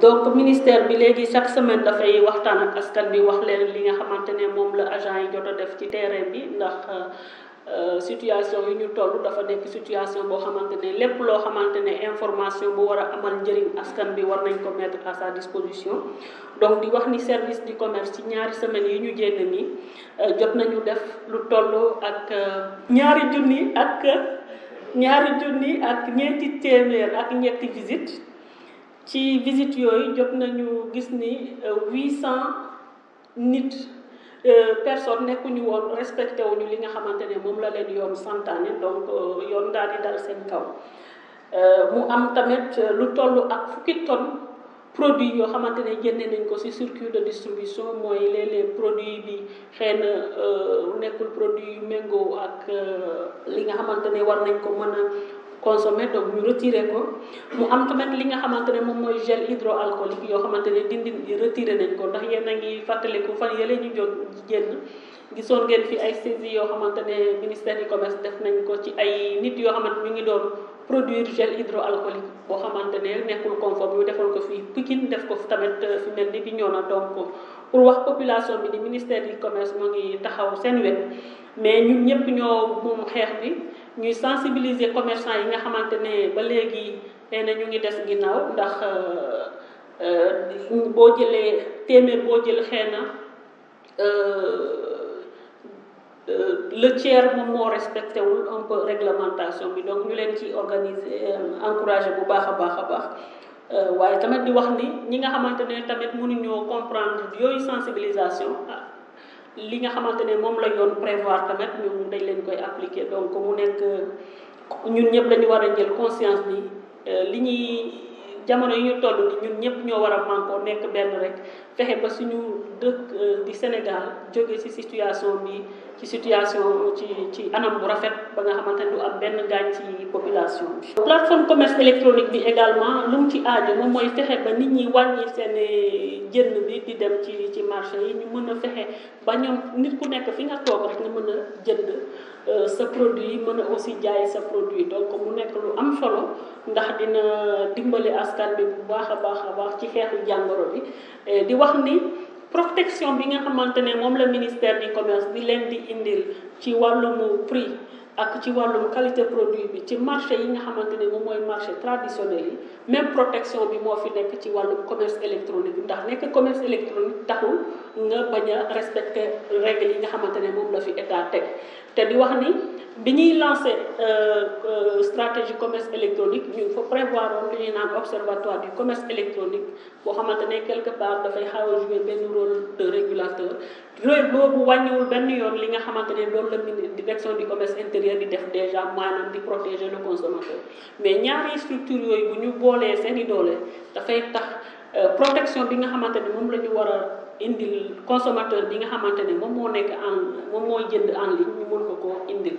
donc ministère bi légui chaque semaine fay waxtan ak askan bi wax leen li nga xamantene mom la agent yi jot def ci terrain bi ndax euh, situation yi ñu toll dafa nek situation bo xamantene lepp lo xamantene information bu wara amal jëriñ askan bi war nañ ko mettre à sa disposition donc di wax ni service du commerce ci ñaari semaine yi ñu jenn ni euh, jot nañu def lu tollu euh, ak ñaari jooni ak ñaari jooni ak ñeenti témèr ak ñetti visite ci visit yooyu jot nañu gis ni euh, huit cent nit euh, personne nekkuñu woon respecté wuñu li nga xamante ne moom la leen yoon santaane donc euh, yoon daal di dal seen kaw mu am tamit lu toll ak fukki tonnes produit yoo xamante ne génne nañ ko ci circuit de distribution mooy léeg-léeg produit bi xëy na nekkul produit yu méngoo ak li nga xamante ne war nañ ko mën consommer donc ñu retirer ko mu am tamit li nga xamantene mom moy gel hydroalcoolique yo xamantene dindi retirer nañ ko ndax yéen a fatale ko fan yele ñu jóg génn gisoon ngeen fi ay saisie yo xamantene ministère du commerce def nañ ko ci ay nit yo xamantene ñu ngi doon produire gel hydroalcoolique bo xamantene nekul conforme yu defal ko fi pikin def ko tamit fi melni bi donc pour wax population bi ni ministère du commerce mo ngi taxaw seen wet mais ñun ñepp ñoo mom xex bi ñuy sensibiliser commerçants yi nga xamante ne ba léegi nee na ñu ngi des ginnaaw ndax euh, boo jëlee téeméer boo jël xëy na euh, euh, le tiers moom moo respecté wul un peu réglementation bi donc ñu leen ci organiser encourager bu baax a baax a baax waaye tamit di wax ni ñi nga xamante ne tamit mënuñoo comprendre yooyu sensibilisation li nga xamantene mom la yoon prévoir tamit ñu dañ leen koy appliquer donc mu nekk ñun ñëpp dañu war a jël conscience ni euh, li ñuy jamono yi ñu toll ni ñun ñëpp ñoo war a manko nekk benn rek fexe ba suñu dëkk euh, di Sénégal jóge ci situation bi ci situation ci ci anam bu rafet ba nga xamante du am benn gaañ ci population bi. plateforme commerce électronique bi également lu mu ci aajo moom mooy fexe ba nit ñi wàññi seen euh, jënd bi di dem ci ci marché yi ñu mën a fexe ba ñoom nit ku nekk fi nga toog rek nga mën a jënd euh, sa produit mën a aussi jaay sa produit donc mu nekk lu am solo. ndax dina dimbali askan bi bu baax a baax a baax ci xeexu jàngoro bi eh, di wax ni protection bi nga xamante ne moom la ministère du commerce bi leen di indil ci wàllum prix ak ci wàllum qualité produit bi ci marché yi nga xamante ne moom mooy marché traditionnel yi même protection bi moo fi nekk ci wàllum commerce électronique bi ndax nekk commerce électronique taxul nga bañ a respecter règles yi nga xamante ne moom la fi état teg te di wax ni. bi ñuy lancé euh, euh, stratégie commerce électronique ñu faut prévoir woon li observatoire du commerce électronique pour que nous quelque part da fay jouer ben rôle de régulateur nous avons besoin ben yoon li nga doon la direction du commerce intérieur di def déjà manam di protéger le consommateur mais ñaari structure yoy bu ñu boolee seen i da tax. Euh, protection bi nga xamante ne moom la ñu war a indil consommateur bi nga xamante ne moom moo nekk en moom mooy jënd en ligne ñu mën ko indil